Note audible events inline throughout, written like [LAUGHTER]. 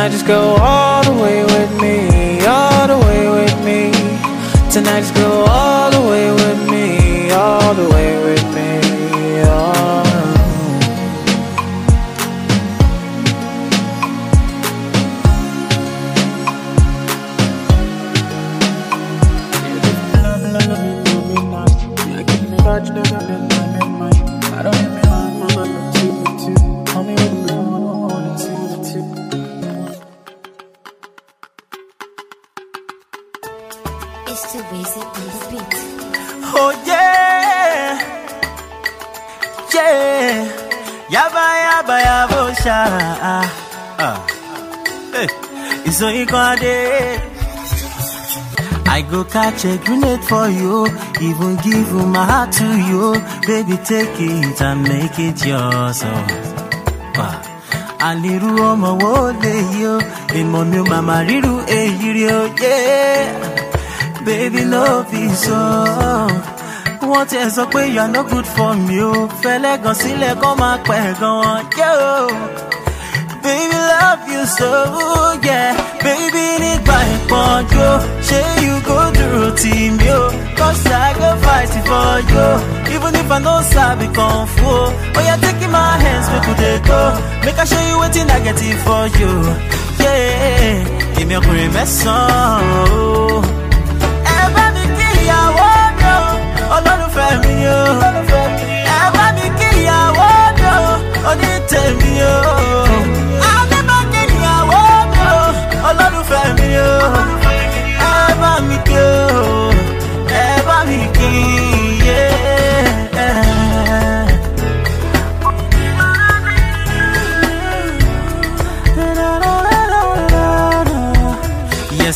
Tonight just go all the way with me, all the way with me Tonight just go all the way with me, all the way bayabosha ah. eh, isoikwade i go catch a grenade for you even give my heart to you baby take it and make it yours anirú ọmọ wo lèyí o èmọ you. o mama riru eyi ri o Yeah, baby love is all wọ́n it sọ pé you are no good for me o go, see sílẹ̀ kọ́ máa pẹ̀ gan yẹ́ o. Baby love you so yeah Baby need by for you go through tì mí o Cause I go fight for you even if I no sabi kung fu oh, you're take my hands make we could go make I show you wetin I get for you. Yeah, èmi ọkùnrin mẹ́sàn-án.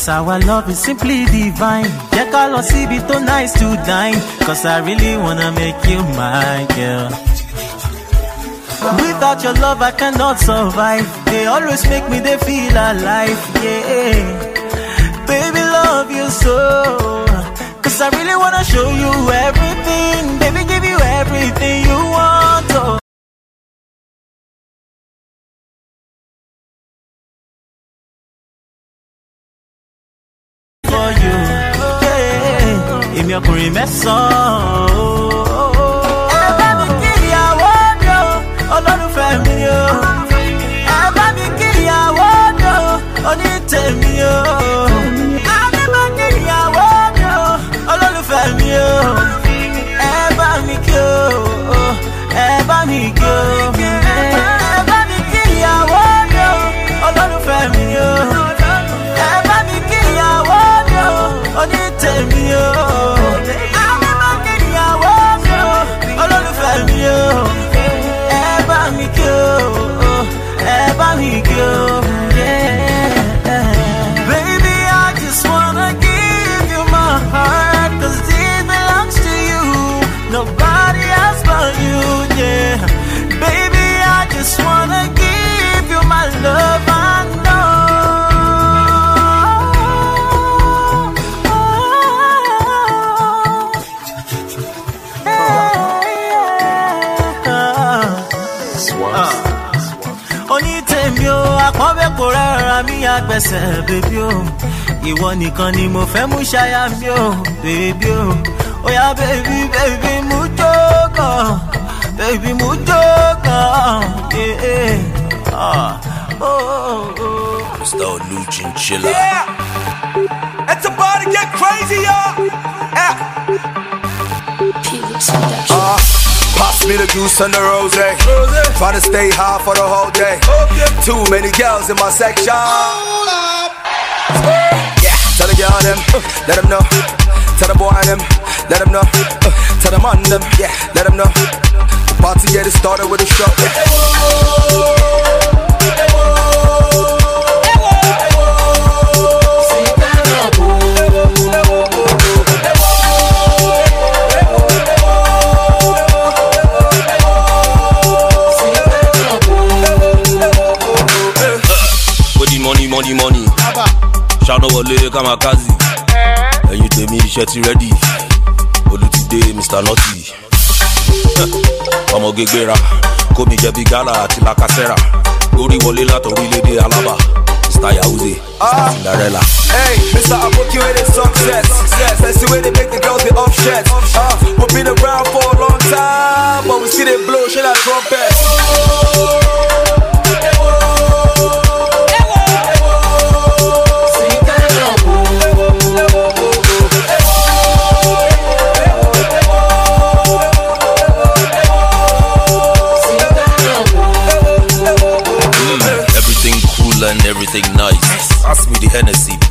Cause our love is simply divine. Yeah, call us be too nice to dine. Cause I really wanna make you my girl. Without your love, I cannot survive. They always make me they feel alive. Yeah, baby, love you so. Cause I really wanna show you everything. Baby, give you everything you want. Oh. 꾸며 꿀맸어 fẹsẹ̀ bèbí o ìwọ nìkan ni mo fẹ́ mú ṣáyà mi o bèbí o oya bèbí bèbí mú jókòó bèbí mú jókòó. Ah. Oh, oh, oh. Mr. Yeah! It's about to get crazy, y'all! Me the juice and the rose. Try to stay high for the whole day. Too many girls in my section. Yeah, tell the girl them, let them know. Tell the boy them, let them know. Tell them on them, yeah, let them know. party get it started with a show. Yeah. ṣánáwọlé kamakazi ẹ̀yin tèmi iṣẹ́ ti rẹ́dì today, mr nọ́tì ọmọ gègbèrà kómi jẹbi gala àti lakasẹ́ra lórí wọlé látọ̀rílẹ̀-èdè alaba mr yahuze mr ah. cinderella. Hey, Mr. Aboki where they success, success. That's the way they make the girls the offset. Uh, ah, we've been around for a long time, but we see they blow, shit like trumpets. Oh.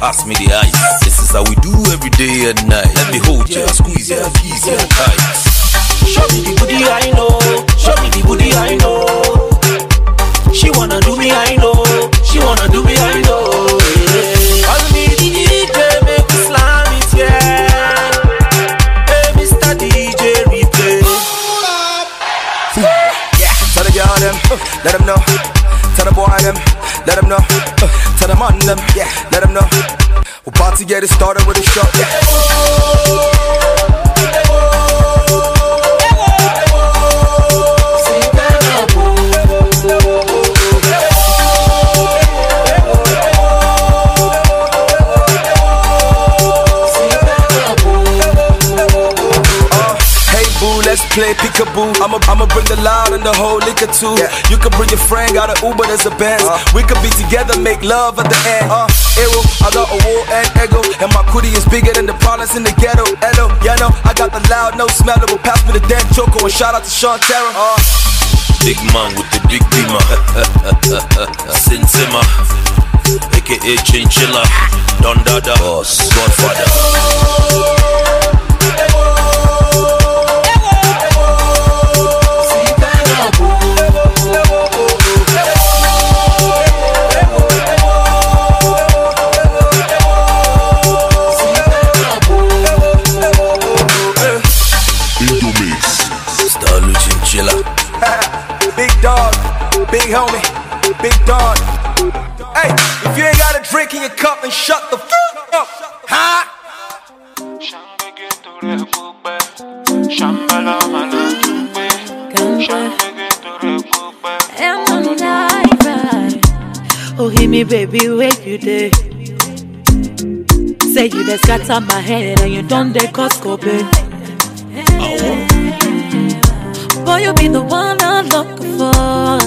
pass me the ice. peekaboo. I'ma I'ma bring the loud and the whole liquor too. Yeah. You can bring your friend, got an Uber, that's a Benz. Uh. We could be together, make love at the end. Uh, uh-huh. Arrow, I got a war and ego, and my cootie is bigger than the problems in the ghetto. Hello, yeah, no, I got the loud, no smellable. Pass me the damn choco and shout out to Sean Terra. Uh. Big man with the big beamer, [LAUGHS] Sin Zimmer, aka Chinchilla, Don Dada, Boss, Godfather. Sheila. [LAUGHS] big dog, big homie, big dog. Hey, if you ain't got a drink in your cup, then shut the fuck up, huh? I'm a night Oh, hear me, baby, where you there? Say you just scatter my head and you done the cause coping. Oh. Boy, you be the one I'm looking for.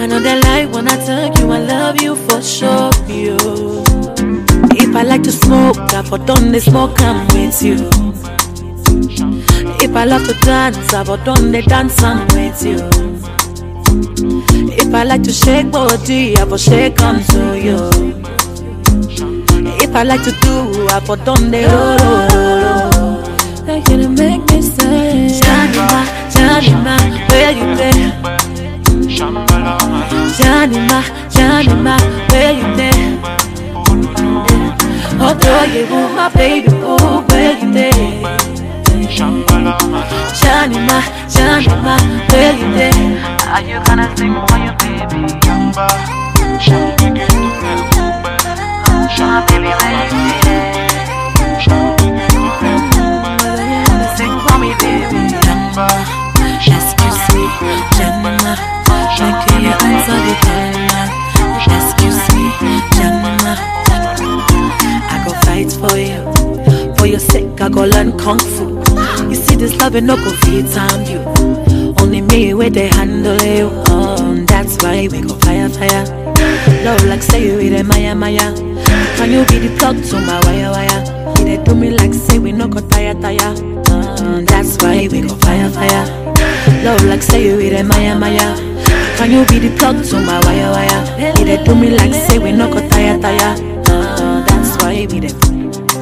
I know that like when I tell you I love you for sure. You. If I like to smoke, I for done the smoke, I'm with you. If I love to dance, I for done the dance, I'm with you. If I like to shake body, I for shake I'm to you. If I like to do, I for done the oh, oh, oh, oh. Like you make Janima, Janima, where you there? Janima, Janima, where you been? Oh, do you were my baby, oh, where you been? Janima, Janima, where you Are you gonna sing for your baby? Shamba, Shamba, where you there? Jannah Look in your eyes all the time Excuse me, Jannah I go fight for you For your sake I go learn Kung Fu You see this love and no go feed time you Only me where they handle you oh, That's why we go fire fire Love like say you with a maya maya Can you be the plug to my wire wire It do me like say we no go tire tire um, That's why we go fire fire Love like say you with a maya maya. Can you be the plug to my wire wire? It they do me like say we no go tire tire. Uh, that's why we the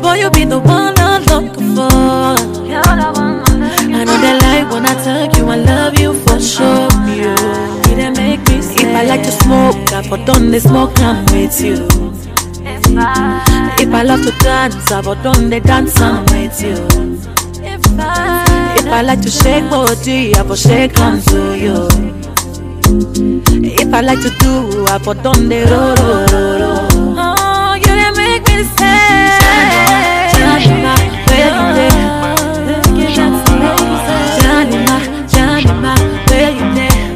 boy you be the one I'm looking for. I know they like when I tell you I love you for sure. You make me If I like to smoke, I for done the smoke I'm with you. If I love to dance, I for done the dance I'm with you. If I like to shake body, I for shake hands to you. If I like to do, I for done the ro ro ro Oh, you didn't make me say. Johnny, my baby, look at that my Johnny, my baby,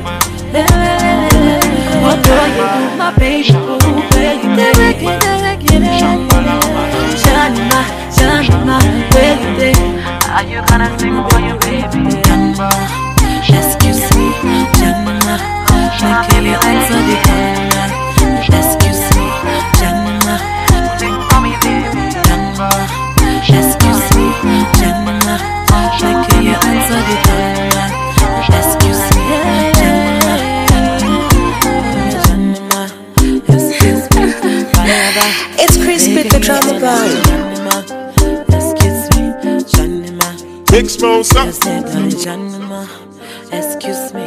what do you do, my baby? where you there? Where you Where you there? baby. Are you gonna sing for your baby? Jumbo, excuse me, Jumbo, Make me legs are the corner. Excuse me, Jumbo, sing for me, baby. Jumbo, excuse me, Jumbo, my me, Jumbo, Jumbo, excuse me, It's crispy the drama bone. Exposer. Excuse me,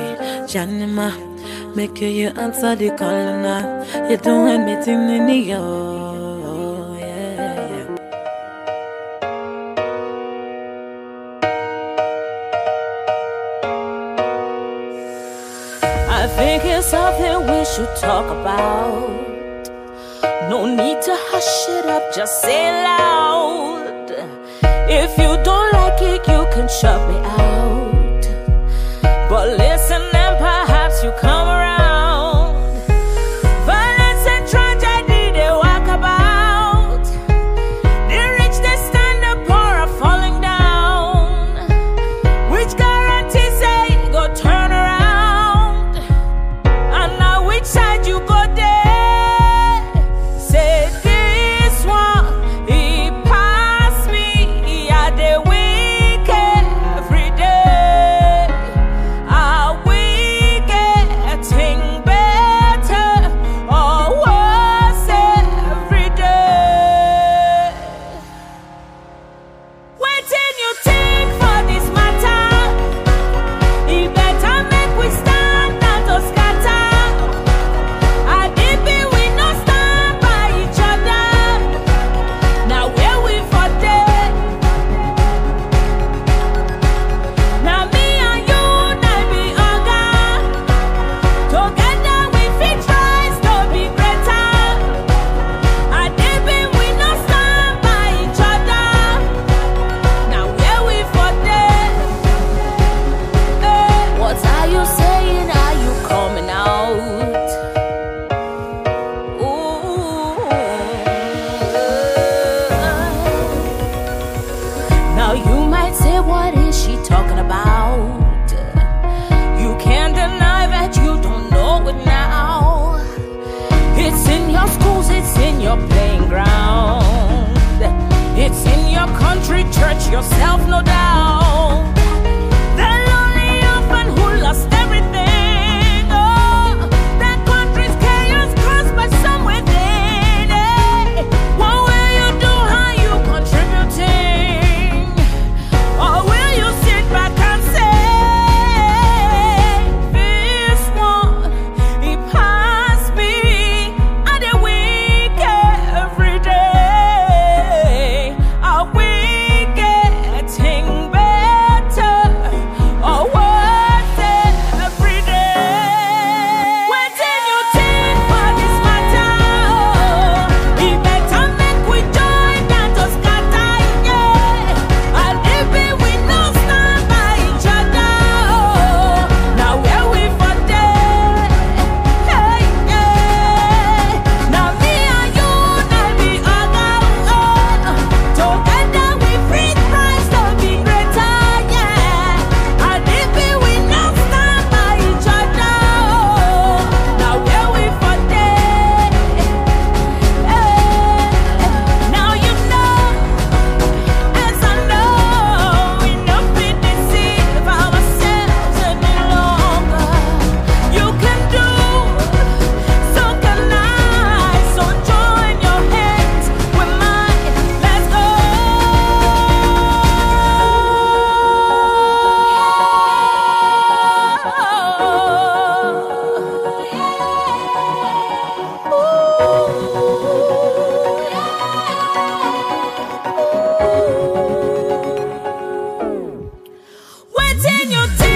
Janima. Make you, you answer the call now. You're doing me thing in the I think it's something we should talk about. No need to hush it up, just say loud. If you don't can shut me out. But listen, and perhaps you come. continue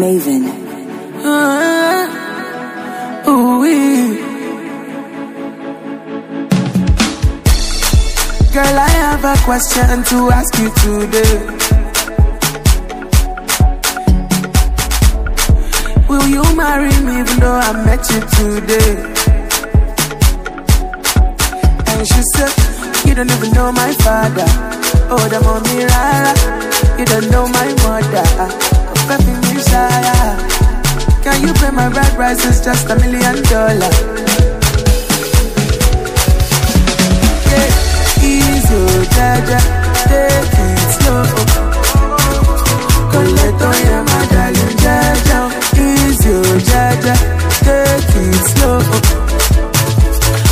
Maven. Uh, uh-huh. ooh -wee. Girl, I have a question to ask you today. Will you marry me even though I met you today? And she said, You don't even know my father. Oh, the mommy, rara. You don't know my mother. Oh, desire. Can you pay my rent price? just a million dollars. Yeah, easy, oh, jaja, take it slow. Coleto ya madalun jaja, easy, oh, jaja, take it slow.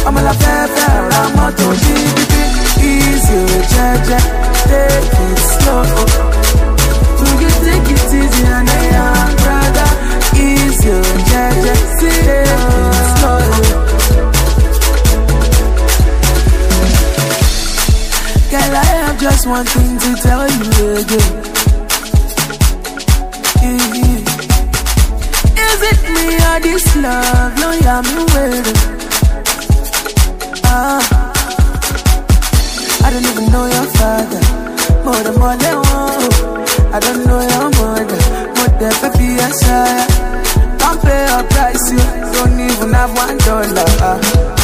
I'm a la fefe, I'm a of GDP. Easy, oh, jaja, take it slow. Will you take it easy and I brother Easy, yeah, yeah, Girl, I have just one thing to tell you again yeah. Is it me or this love? No, yeah, me waiting ah. I don't even know your father More than more than one I don't know your baby, I shy. do not pay a price, you don't even have one dollar.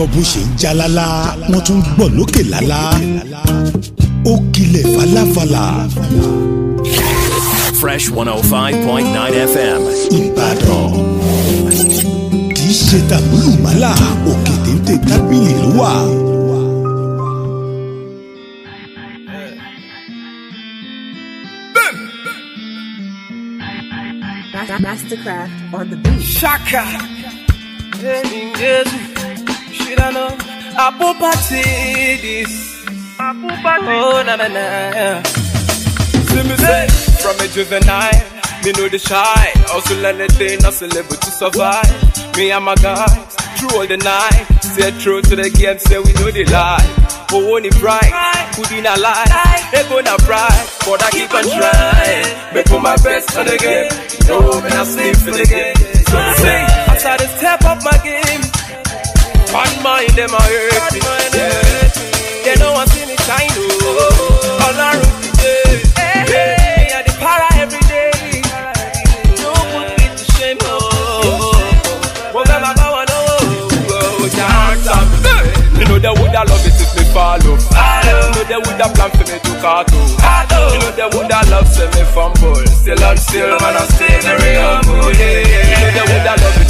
gbọ́ bó ṣe ń já lálá wọ́n tún gbọ́ lókè lálá ó kilẹ̀ falafala. Fresh one oh five point nine FM. Ìbàdàn kì í ṣe tàbúlù mọ́lá òkè téńté tábìlì ló wà. Mastercraft on the beat. Shaka na no. Apple party this. Apple party. Oh na na na. See me say from a juvenile, me know the shy. Hustle anything, hustle able to survive. Me and my guys through all the night. Stay true to the game, say we know the lie. But only pride, could in a lie. They gonna pride, but I keep on trying. Me put my best on the game. No, me not sleep for the game. So say, I try to step up my game. Bad mind them a hurt me. Yeah. They don't want see me shine. Oh, all I root today. Hey, hey, yeah, the para every day. day. Don't put me to shame. Oh, one time I bow and oh, can't stop. You know they woulda love it if me follow. Follow. You know they woulda plan for me to cartoon. Cartoon. You know they woulda love see me fumble. Still and still, man, I'm still very humble. Yeah, yeah. You know they woulda love it.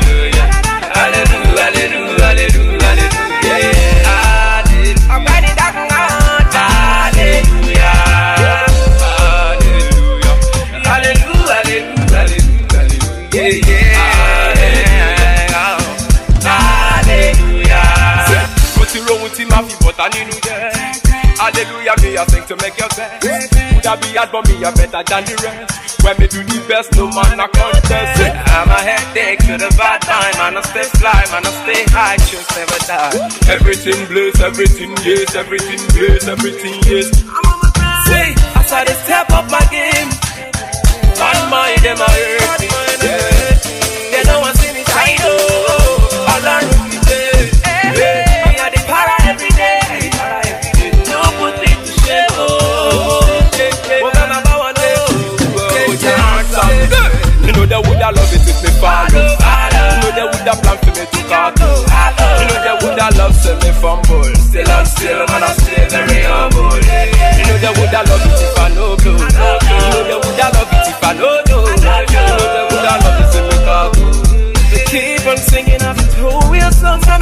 standing with them. Hallelujah, me a thing to make your best. Would I be hard, but me a better than the rest. When me do the best, no man a contest. Yeah, I'm a headache to the bad time, man I stay fly, man I stay high, just never die. Everything bliss, everything yes, everything bliss, everything yes. Say, as I step up my game, bad mind them I hurt me. a plan for me to You know they would have loved to me fumble. Still I'm still, man, I'm still very humble. You know they would have loved it if I know blue. You know they would have loved it if I know You know they would have loved it to me cartoon. To keep on singing after two wheels, songs, I'm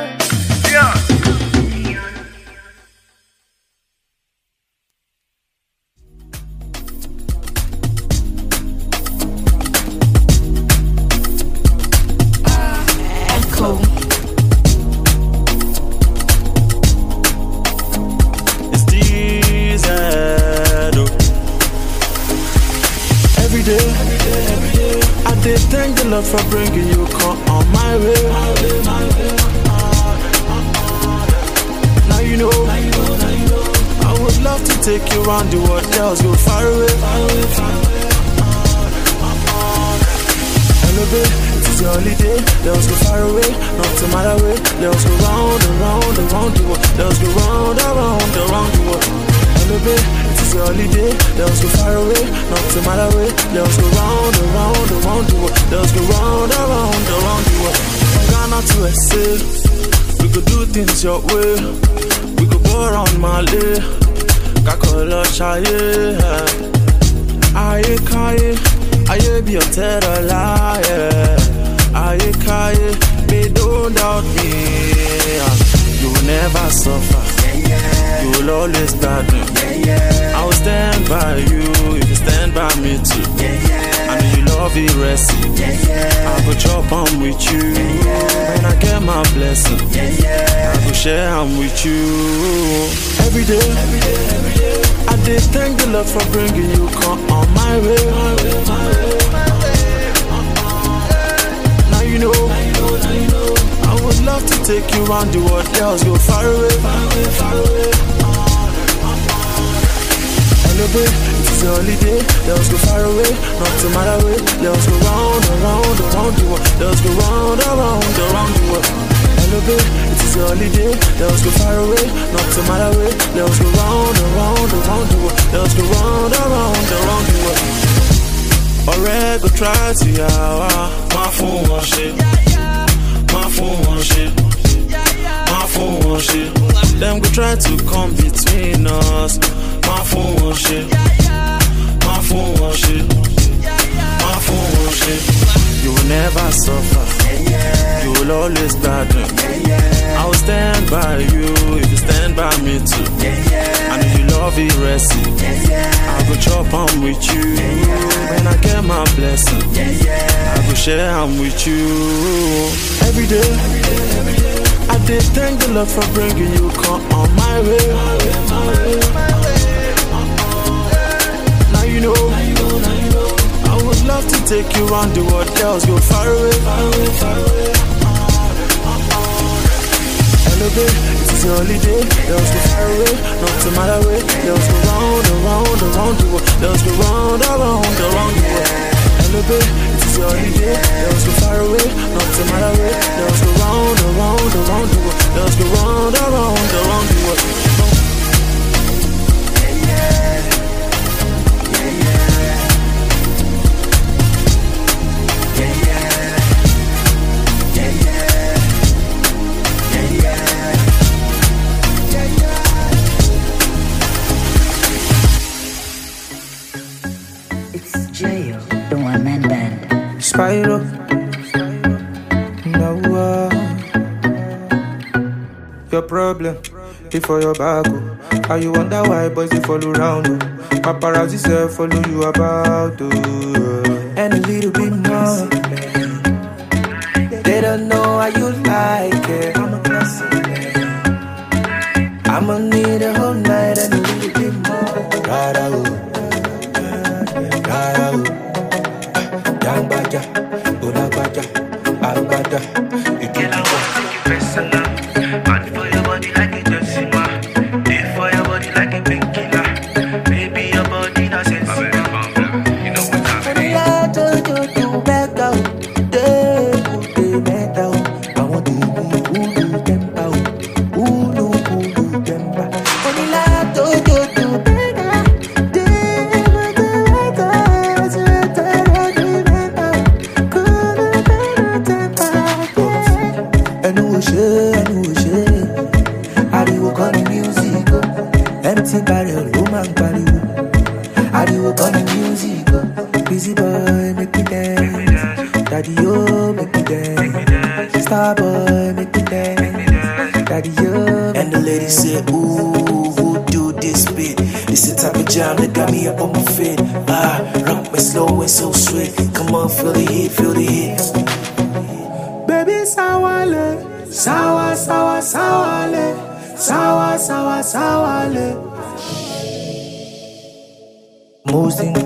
God for bringing you come on my way. Now you know. I would love to take you around the world, else go far away. Hello, babe, it is your holiday. Let's go far away, not to matter way. Let's go round and round and round the world. Let's go round and round and round the world. Hello, babe. It's a holiday, let us go far away, not to matter way. Let us go round, around, around the world. Let us go round, around, around the world. Ghana to SA, we could do things your way. We could go around Mali, Kakola Shaye. Aye, Kaye, Aye, be a terror liar. Aye, Kaye, they don't doubt me. You will never suffer yeah. You will always guard me. I will stand by you if you stand by me too. I know you love it, rest. I will chop on with you. When I get my blessing, I will share I'm with you. Every day, every day, every day. I just thank the Lord for bringing you come on my way. My way, my way, you know. Now know, now you know would love to take you round the world, girls, go far away, far away, far away. Hello, babe, it is a holiday. Girls, go far away, not to matter way. Girls, go round, around, around the world. Girls, go round, around, around the world. Hello, babe, it is a holiday. Girls, go far away, not to matter way. Girls, go round, around, around the world. Girls, go round, around, around the world. ọ̀rẹ́ go try to yà wá má fún wọn ṣe. My phone won't shit. My phone won't shit. Them go try to come between us. My phone won't shit. My phone won't shit. My phone won't shit. You will never suffer. You will always battle. I'll stand by you if you stand by me too. Yeah, yeah. And if you love it, rest it. Yeah, yeah. I'll go chop on with you. Yeah, yeah. When I get my blessing, yeah, yeah. I'll go share I'm with you. Every day, every day, every day. I did thank the Lord for bringing you come on my way. My way, my way, my way. Now you know. Now you know, now you know. I would love to take you around the world, girls go far away, far away, far away holiday, this is your holiday. us go far away, not to matter way. us go round, around, around you. Let us go round, around, around you. world. Holiday, this is your holiday. us go far away, not to matter way. us go round, around, around you. Let us go round, around, around you. Cairo. Now, uh, your problem before your back. Oh. How you wonder why boys they follow round? Oh? Paparazzi say follow you about. Oh. And a little bit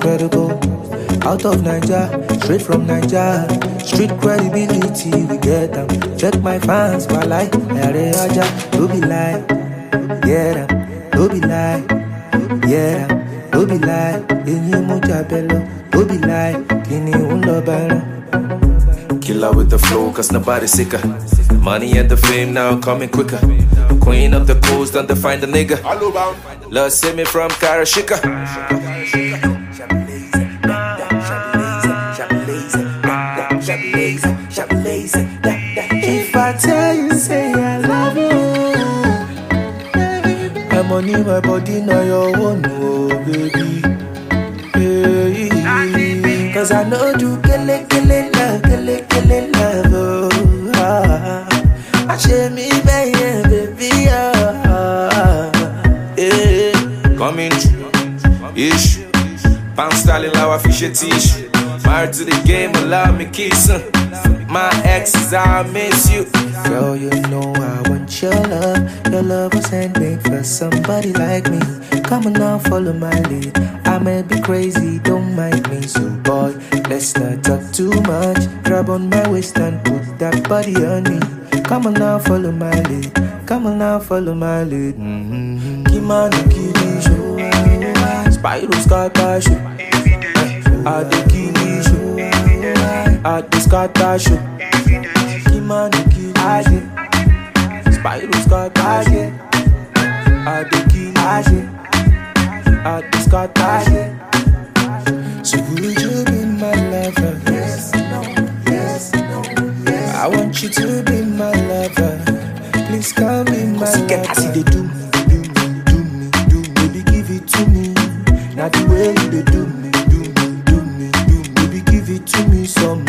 incredible. Out of Niger, straight from Niger. Street credibility, we get them. Check my fans, my life, Yare Aja. Don't be lie, yeah, don't be lie, yeah, don't be lie. In you, Mujabello, don't be lie, Kini Unlobello. Killer with the flow, cause nobody's sicker. Money and the fame now coming quicker. Queen of the coast, define the nigga. Love send me from Karashika. money, my body, now your own, oh baby. Hey, cause I know you kele kele love, kele kele love, oh. Ah, I share me, baby, baby, ah. Hey, coming, ish, pound styling, how I fish a tish. Married to the game, but love me kissing. My exes, I miss you. Girl, you know I want your love. Your love was handmade for somebody like me. Come on now, follow my lead. I may be crazy, don't mind me. So, boy, let's not talk too much. Grab on my waist and put that body on me. Come on now, follow my lead. Come on now, follow my lead. Mm-hmm. Kimano Sky Passion. I think I just got that show. Kimani kill aje. Spyro's got aje. I do kill aje. I just got aje. So would you be my lover? Yes, yes, I want you to be my lover. Please come be my lover. Get as they do me, do me, do me, do me. Baby, give it to me. Not the way you they do me, do me, do me, do me. Baby, give it to me some.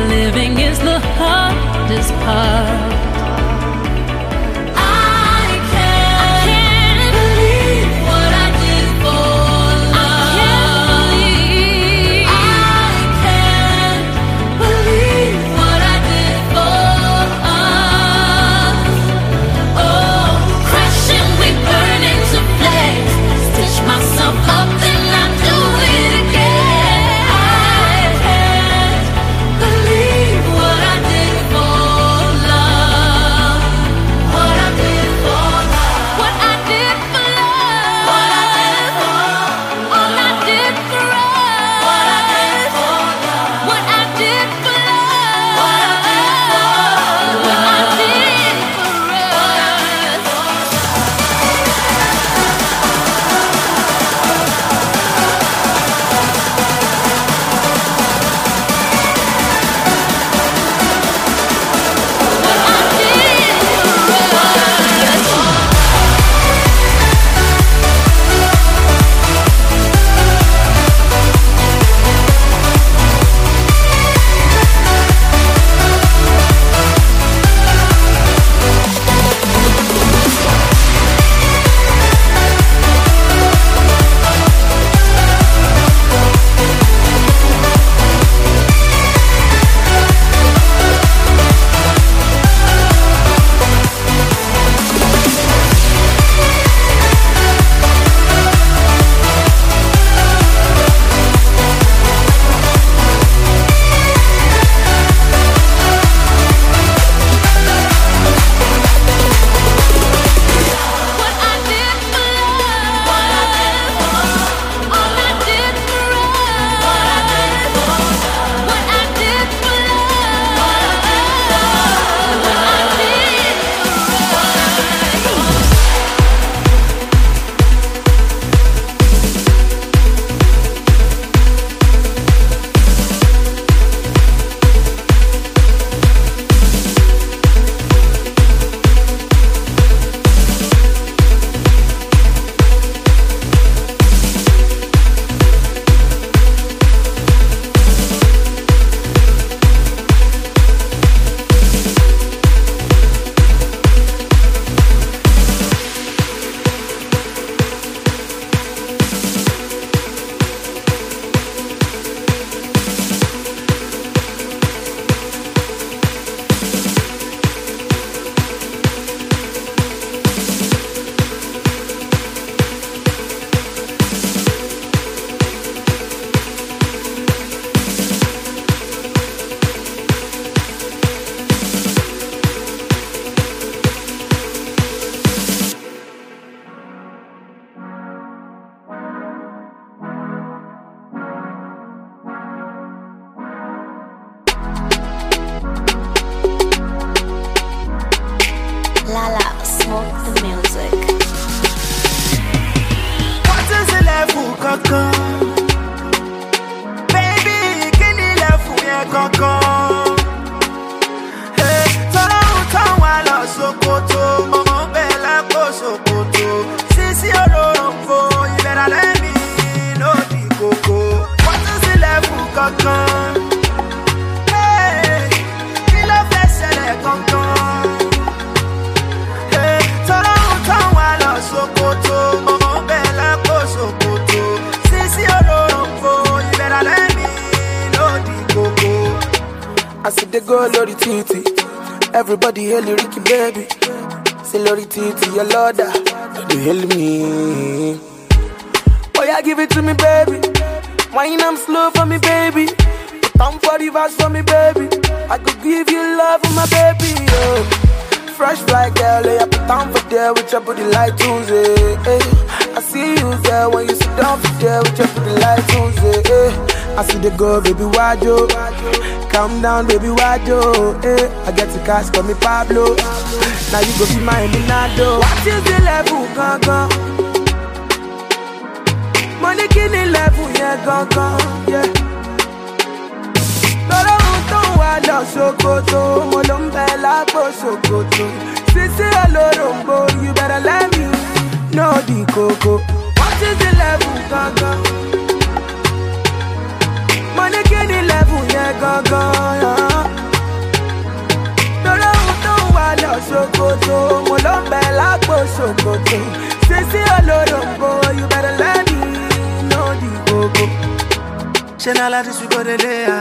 living is the hardest part. kankan. kí ló fẹ́ ṣẹlẹ̀ kankan. tọ́lọ́run táwọn sísí lórí títì, everybody hail Ricky baby, say lórí títì ọlọ́dà, no dey hail me. I give it to me baby. Wine I'm slow for me, baby. Time for 40 vibes for me, baby. I could give you love for my baby, yo. Oh. Fresh like LA, I put time for there with your booty like Tuesday. Eh. I see you there when you sit down for there with your booty like Tuesday. Eh. I see the girl, baby, why yo? Calm down, baby, why yo? Eh. I get the cash, call me Pablo. Now you go be my Eminado. What is the level, gun, gun? Money ní kí level yẹn gangan yẹ. lọ́rọ̀ ohun tó wá lọ ṣòkòtò mo ló ń bẹ ṣòkòtò sisi olóròǹbó you better let me know the koko what is the level gangan. mo ní kí ni level yẹn gangan yẹn lọ ṣòkòtò mo ló ń bẹ ṣòkòtò sísí olóròǹbó you better let me gogo. Ṣé na à?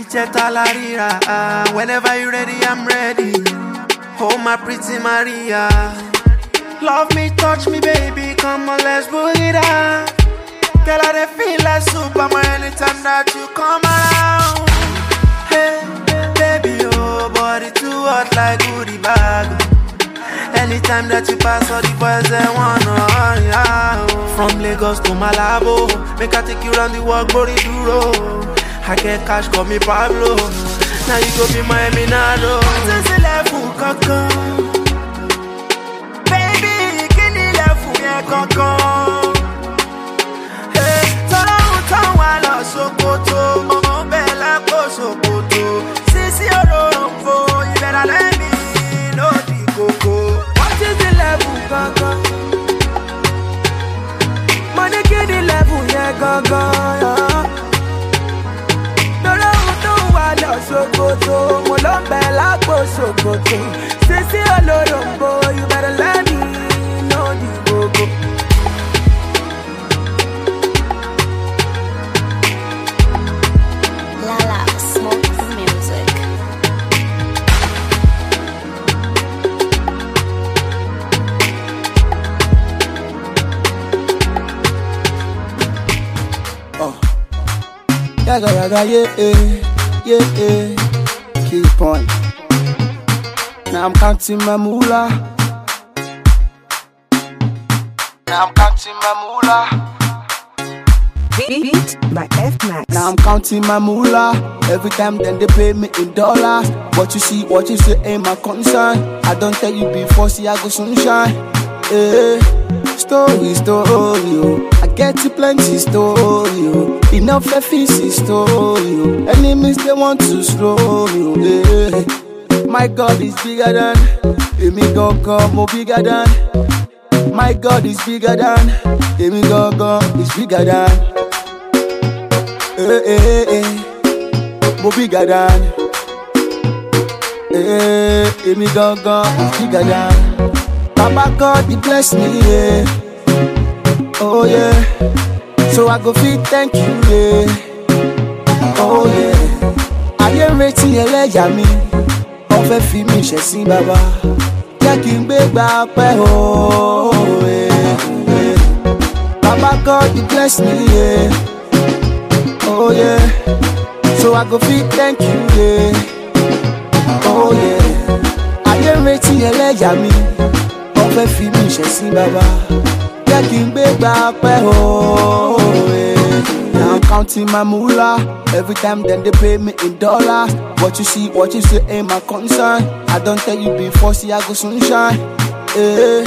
Ìjẹta à. Whenever you ready, I'm ready. Oh my pretty Maria. Love me, touch me, baby. Come on, let's boogie down. Girl, I dey feel like Superman anytime that you come around. Hey, baby, your oh, body too hot like goodie bag. Anytime that you pass, all the boys they want oh, yeah. From Lagos to Malabo, make I take you round the world, glory duro. I get cash, call me Pablo. Now you go be my Minado. Baby, can you coco. me level yeah coco. Hey, tolo utan wa lo sokoto, bela ko sokoto. Sisi oro. gidi level yẹn gangan. Tọ́lá òun tó ń wà lọ Sokoto, mo ló ń bẹ̀ lápò Sokoto. Sisi olóró ń bo, you better let Yaga yaga yeah eh, yeah yeah. yeah. Key point. Now I'm counting my moolah. Now I'm counting my moolah. Beat by F Max. Now I'm counting my moolah. Every time then they pay me in dollars. What you see, what you say ain't my concern. I don't tell you before, see I go sunshine. Yeah. Story, story, oh. get plenty story o oh. enough efisi story o oh. enemies they want to slow you. Yeah. My God is bigger than go gangan mo bigger than my God is bigger than go gangan is bigger than. Eh, eh, eh. eh. Mo bigger than go, eh, gangan is bigger than. Baba God dey bless me. Yeah oh yeah. So I go feel thank you, yeah. Oh yeah. Ayé ń retí ẹlẹ́yà mi, wọ́n fẹ́ fi mí ṣẹ̀sín bàbá. Jẹ́ kí n gbé gba pẹ́ o. Oh, Baba God you bless me, yeah. Oh yeah. So I go feel thank you, yeah. Oh yeah. Ayé ń retí ẹlẹ́yà me. wọ́n fẹ́ fi she's ṣẹ̀sín Baba. jẹ́ kí n gbé gba Now I'm counting my moolah. Every time then they pay me in dollars. What you see, what you say ain't my concern. I don't tell you before, see I go sunshine. Eh,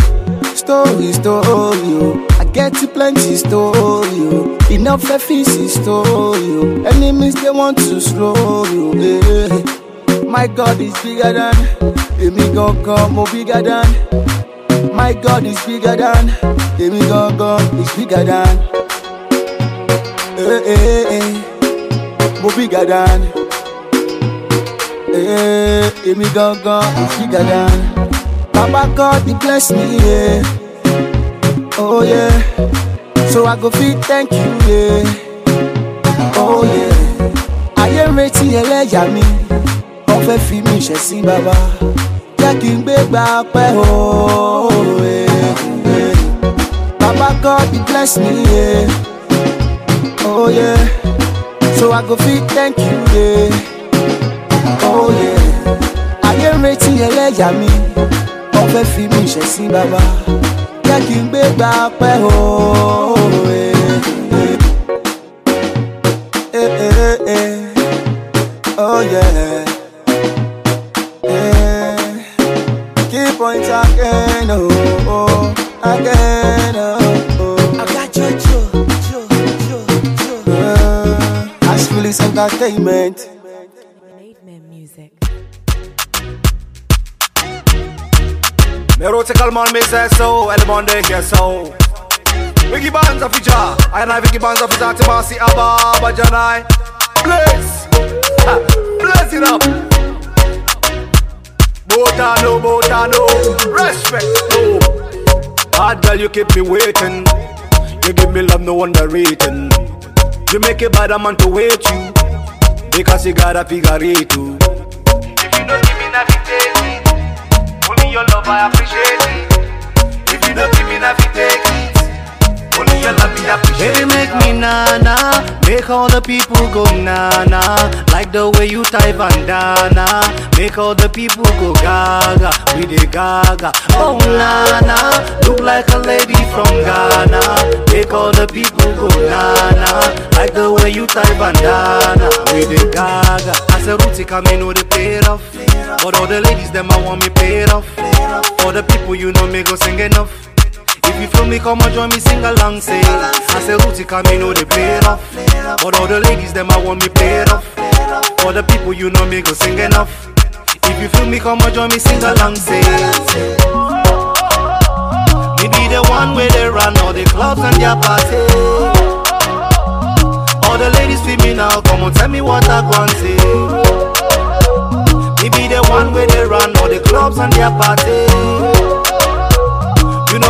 story, story. I get plenty story. Enough FEC story. Enemies they want to slow you. Eh, my God is bigger than. go, come, more bigger than. My God is bigger than, èmi gangan is bigger than. Eh, eh, eh, eh. mo bigger than. Eh, èmi gangan is bigger than. Baba God he bless me, yeah. Oh yeah, so I go feel thank you, yeah. Oh yeah, ayé retí ẹlẹ́yà mi, wọ́n fẹ́ fi mí ṣẹ̀ sí Baba jẹ́ kí n gbé gbà pẹ́ o. Eh, eh. Baba God be bless me. Yeah. Oh yeah. So I go fit thank you. Yeah. Oh yeah. Ayé ń retí ẹlẹ́yà mi. Wọ́n fẹ́ fi mi ṣẹ̀ sí bàbá. Jẹ́ kí n gbé gbà pẹ́ o. Eh, oh yeah. again, oh, oh again, oh, oh. I got your Joe, Joe, Joe, Joe. Uh, high school is entertainment. Merote kalman me say so, el monde ke so Wiki bands of ija, I and I wiki bands of ija Timasi abba, abajanai Bless, bless it up Bota no, bota no, respect no. Bad girl, you keep me waiting. You give me love, no underrating. You make a bad man to wait you because you got a figure too. If you don't give me nothing, take it. Only your love, I appreciate it. If you don't give me nothing, take it. Only your love be appreciated. Baby, make me nana. Make all the people go nana. Like the way you tie bandana. Make all the people go gaga. We the gaga. Oh nana, look like a lady from Ghana. Make all the people go nana. Like the way you tie bandana. We the gaga. I say Ruti, come in with the paid off. But all the ladies, them I want me paid off. For the people, you know me go sing enough. If you feel me, come and join me, sing along, say. I say, Ruti, come, you oh, know they play it off. But all the ladies, them, I want me play it off. All the people, you know me, go sing enough. If you feel me, come and join me, sing along, say. Me be the one where they run all the clubs and their party. All the ladies feel me now, come on, tell me what I want to say. Me be the one where they run all the clubs and their party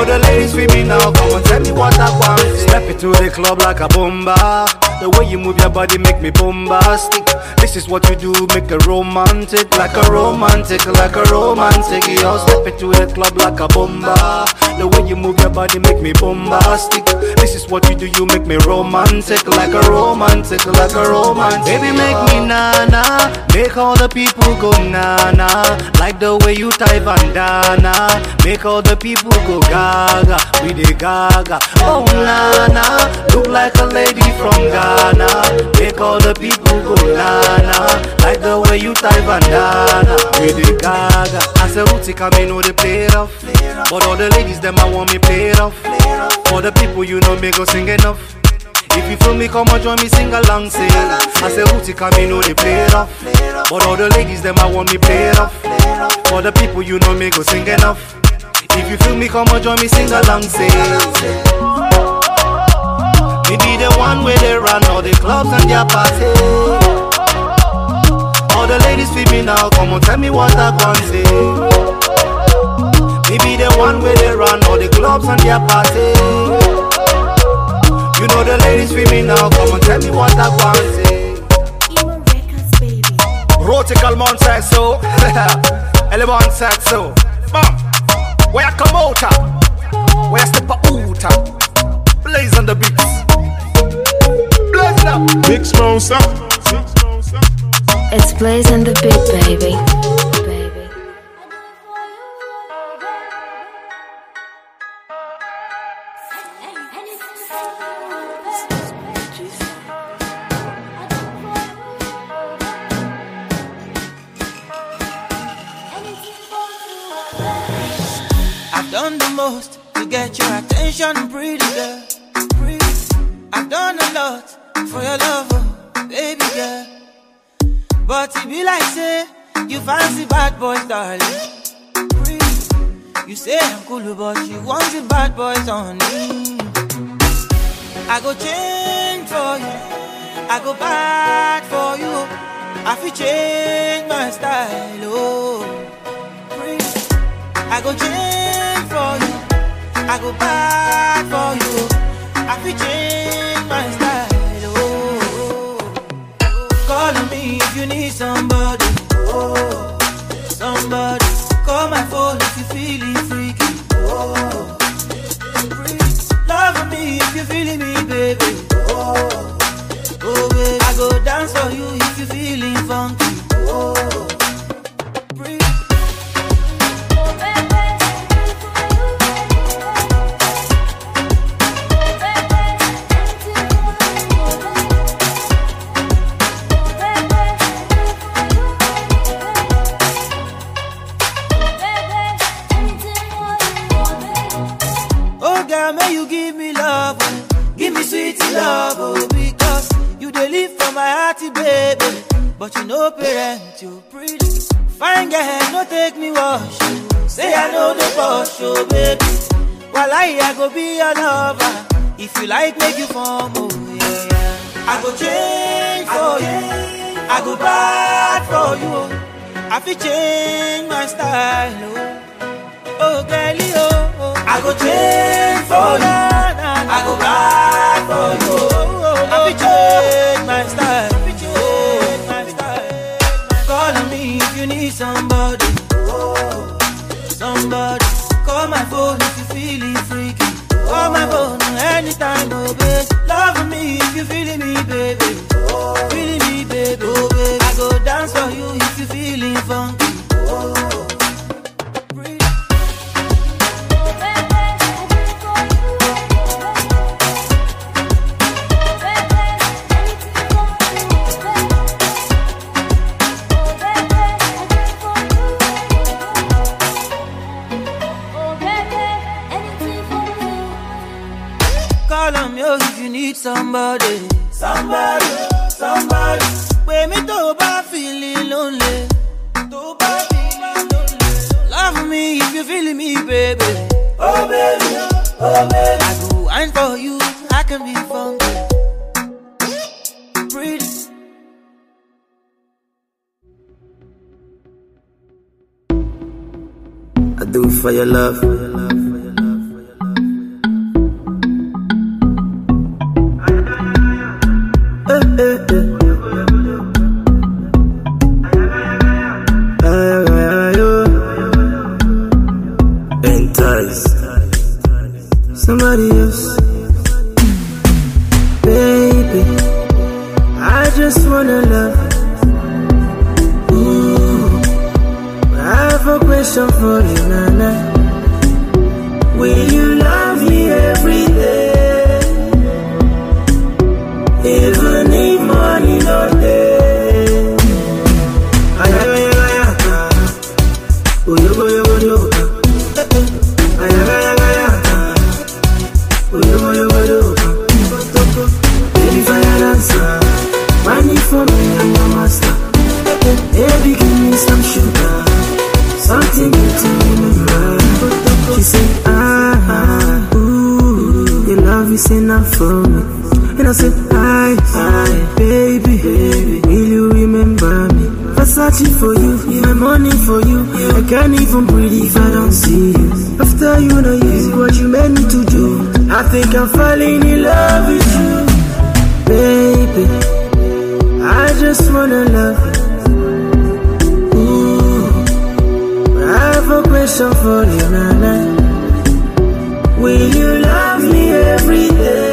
the ladies with me now, come on, tell me what I want. Step it to the club like a bomber. The way you move your body make me bombastic. This is what you do, make a romantic, like a romantic, like a romantic. Yo, step into the club like a bomba. The way you move your body make me bombastic. This is what you do, you make me romantic, like a romantic, like a romantic. Baby, make me na na, make all the people go na na. Like the way you tie bandana, make all the people go gaga. We the gaga. Oh na na, look like a lady from Ghana bandana. Make all the people go nana. Like the way you tie bandana. With the gaga. I say, Uti come in with the play off. But all the ladies, them I want me play off. For the people, you know me go sing enough. If you feel me, come and join me, sing along, Say, I say, Uti come in with the play off. But all the ladies, them I want me play off. For the people, you know me go sing enough. If you feel me, come and join me, sing along, Say. We be the one where they run all the clubs and their party. All the ladies feed me now, come on, tell me what I can say. We be the one where they run all the clubs and their party. You know the ladies feed me now, come on, tell me what I can say. Rotical man said so, [LAUGHS] Elephant said so. Mom, where I come out, where I step out, blaze on the beats. Bless up. Big small It's blazing the big baby. I've done the most to get your attention, pretty girl for your love, oh, baby girl. But it be like say you fancy bad boys, darling. You say I'm cool, but you want the bad boys on me. I go change for you. I go bad for you. I feel change my style, oh. I go change for you. I go bad for you. I feel change my style. you need somebody, oh, somebody. Call my phone if you are feeling freaky, oh. Love me if you are feeling me, baby, oh, oh, baby. I go dance for you. no parent, you pretty. Fine girl, no take me wash. Say I know the boss, oh baby. While I, I go be your lover. If you like, make you form, oh yeah, yeah. I go change for you. I go bad for you. I fi change my style, oh, oh girlie, oh, oh. I go change for you. I go bad for you. I fi change. somebody, oh, somebody. Call my phone if you are feeling freaky. Call my phone anytime, oh baby. Love me if you are feeling me, baby. Feeling me, baby, oh baby. Oh, I go dance for you. somebody, somebody, somebody. Pè me tó bá feeling lonely, tó bá feeling lonely. Love me if you feel me, baby. Oh baby, oh baby. I do wine for you, I can be funky, pretty. I do for your love. For your love. Somebody else, baby. I just wanna love. Ooh, I have a question for you, Nana. Will you love me every day? enough for me. And I said, hi, hi baby, baby, will you remember me? I Versace for you, yeah. my money for you. I can't even breathe if I don't see you. After you know you see what you made me to do, I think I'm falling in love with you, baby. I just wanna love you. Ooh, I have a question for you, Nana. Will you love? every day.